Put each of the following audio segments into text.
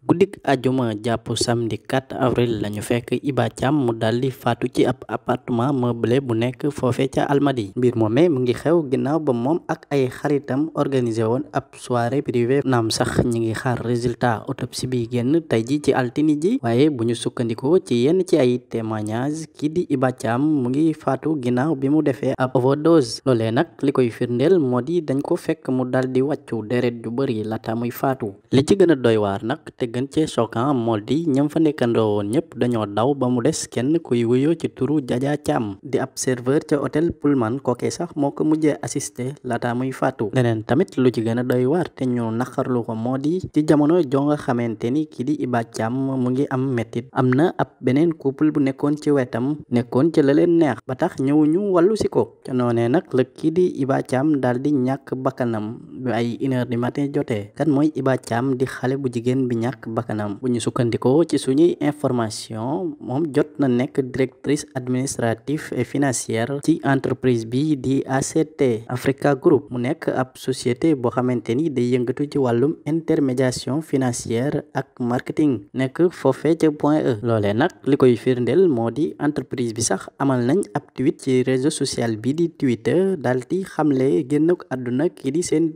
guddik ajuma jàpp samedi 4 avril lañu fekk Iba Thiam mu daldi faatu ci ab appartement meublé bu nekk foofee ca Almadi mbir moomee mu ngi xew ginnaaw ba moom ak ay xaritam organisé woon ab soirée privée naam sax ñi ngi xaar résultat autopsie bi génn tey ji ci altini ji waaye bu ñu sukkandikoo ci yenn ci ay témoignage kii di Iba mu ngi faatu ginnaaw bi mu defee ab overdose loolee nag li koy firndeel moo di dañ ko fekk mu daldi wàccu deret ju bëri laata muy faatu li ci gën a doy gën cee choquant moo di ñam fa nekkandoo woon ñëpp dañoo daw ba mu des kenn kuy wuyoo ci turu Jaja Caam di ab serveur ca hôtel Pullman kookee sax moo ko mujjee assisté laata muy faatu leneen tamit lu ci gën a doy waar te ñu naqarlu ko moo di ci jamono jo nga xamante ni kii di Iba Caam mu ngi am mettit am na ab beneen couple bu nekkoon ci wetam nekkoon ci la leen neex ba tax ñëwuñu ñu si ko ca noonee nag la kii di Iba Caam daal di ñàkk bi ay une heure matin jotee kan mooy Iba Thiam di xale bu jigéen bi ñàkk bakkanam bu ñu sukkandikoo ci suñuy information moom jot na nekk directrice administrative et financière ci entreprise bi di ACT Africa Group mu nekk ab société boo xamante ni day yëngatu ci wàllum intermédiation financière ak marketing nekk foofee ca point E loolee nag li koy firndeel moo di entreprise bi sax amal nañ ab tweet ci réseau sociale bi di Twitter dal di xamle génn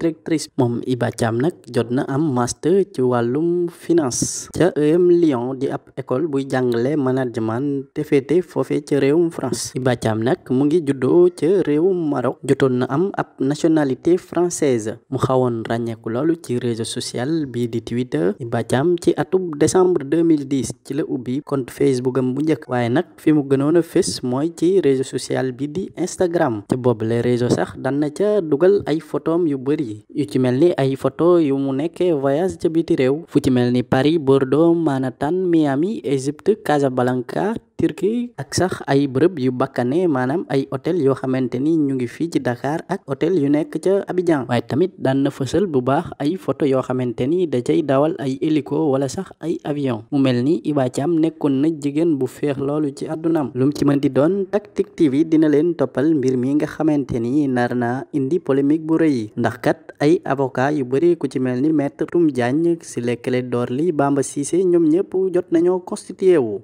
ko rectrice moom Hiba nag jot na am master ci wàllum finance ca EM Lyon di ab école buy jàngale management te féete foofe ca réewum France Hiba Thiam nag mu ngi juddoo ca réewum Maroc jotoon na am ab nationalité française mu xawoon ràññeeku loolu ci réseau social bii di Twitter Hiba Thiam ci atub décembre 2010 ci la ubbi compte Facebook am bu njëkk waaye nag fi mu gënoon a fés mooy ci réseau social bi di Instagram ca boobule réseau sax daan na ca dugal ay photom yu bari yu ci mel ni ay photo yu mu nekkee voyage ca biti réew fu ci mel ni Paris Bordeaux Manhattan Miami Égypte balanca Turquie ak sax ay bërëb yu bakkane maanaam ay hôtel yoo xamante ni ñu ngi fii ci Dakar ak hôtel yu nekk ca Abidjan waaye tamit daan na fësal bu baax ay photo yoo xamante ni da cay dawal ay hélico wala sax ay avion mu mel ni Iba Thiam nekkoon na jigéen bu feex loolu ci àddunaam lum ci mën di doon Tactic TV dina leen toppal mbir mi nga xamante ni naar na indi polémique bu rëy ndax kat ay avocat yu bëri ku ci mel ni maître Toum Diagne si lekkale door li Bamba Cissé ñoom ñëpp jot nañoo constitué wu